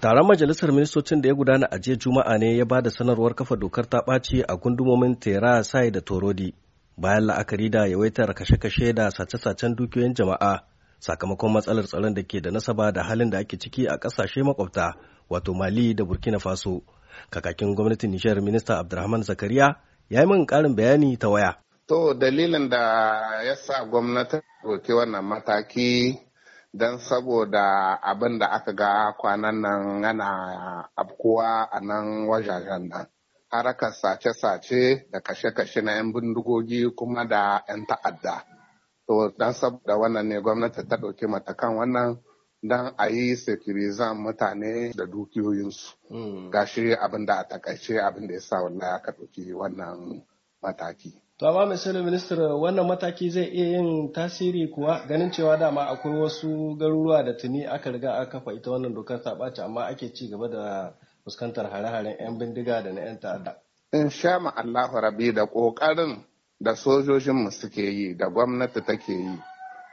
Taron majalisar ministocin da ya gudana a jiya Juma'a ne ya bada sanarwar kafa dokar ta ɓaci a gundumomin Tera, Sai da Torodi. Bayan la'akari da yawaitar kashe-kashe da sace-sacen dukiyoyin jama'a sakamakon matsalar tsaron da ke da nasaba da halin da ake ciki a ƙasashe makwabta wato Mali da Burkina Faso. Kakakin gwamnatin Nijar Minista Abdulrahman Zakariya ya yi min ƙarin bayani ta waya. To dalilin da ya sa gwamnati ɗauki wannan mataki don saboda abin da aka ga kwanan nan yana afkuwa a nan wajajen nan. Harakar sace-sace da kashe-kashe na 'yan bindigogi kuma da 'yan ta'adda. To, don saboda wannan ne gwamnati ta ɗauki matakan wannan don a yi zan mutane da dukiyoyinsu. Hmm. Gashi abin da a takaice abin da ya sa wallahi aka ɗauki wannan mataki. To amma misali minister wannan mataki zai iya yin tasiri kuwa ganin cewa dama akwai wasu garuruwa da tuni aka riga aka kafa ita wannan dokar ta ɓaci amma ake ci gaba da fuskantar hare-haren 'yan bindiga da na 'yan ta'adda. In sha ma Allahu rabi da ƙoƙarin da sojojinmu suke yi da gwamnati take yi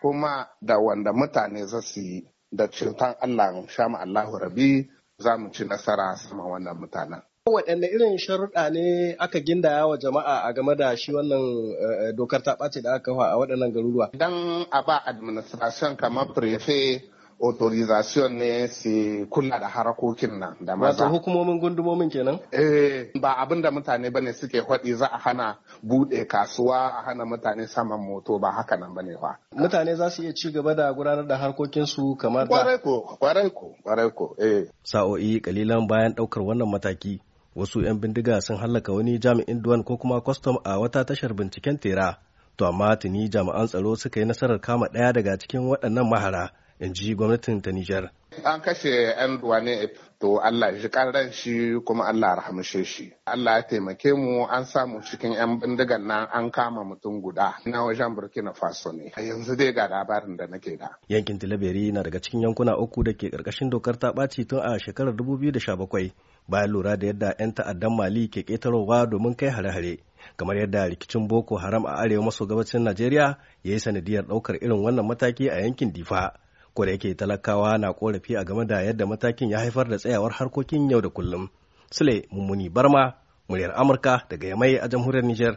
kuma da wanda mutane za su yi da cutan Allah in sha ma Allahu rabi za mu ci nasara sama wannan mutanen. waɗanne irin sharuɗa ne aka gindaya wa jama'a a game da shi wannan eh, dokar ta ɓace da aka kafa a waɗannan garuruwa? Dan a ba administration kamar prefe authorization ne su kula da harakokin nan da maza. Wato hukumomin gundumomin kenan? Eh ba abin da mutane bane suke haɗi za a hana buɗe kasuwa a hana mutane saman moto ba haka nan bane ba. Mutane za su iya ci gaba da gudanar da harkokinsu kamar da. Kwarai ko, kwarai ko, kwarai ko, eh. Sa'o'i kalilan bayan ɗaukar wannan mataki wasu 'yan bindiga sun hallaka wani jami'in duwan ko kuma kwastam a wata tashar binciken tera to amma tuni jami'an tsaro suka yi nasarar kama ɗaya daga cikin waɗannan mahara in ji gwamnatin ta nijar an kashe 'yan duwane to allah ji ran shi kuma allah rahamshe shi allah ya taimake mu an samu cikin 'yan bindigan nan an kama mutum guda na wajen burkina faso ne yanzu dai ga labarin da nake da yankin tilaberi na daga cikin yankuna uku da ke karkashin dokar ta ɓaci tun a shekarar da bakwai. bayan lura da yadda 'yan ta'addan mali ke ƙetarowa domin kai hare-hare kamar yadda rikicin boko haram a arewa maso gabacin najeriya ya yi sanadiyar ɗaukar irin wannan mataki a yankin difa ko da yake talakawa na korafi a game da yadda matakin ya haifar da tsayawar harkokin yau da kullum sule mummuni barma muryar amurka daga yamai a jamhuriyar niger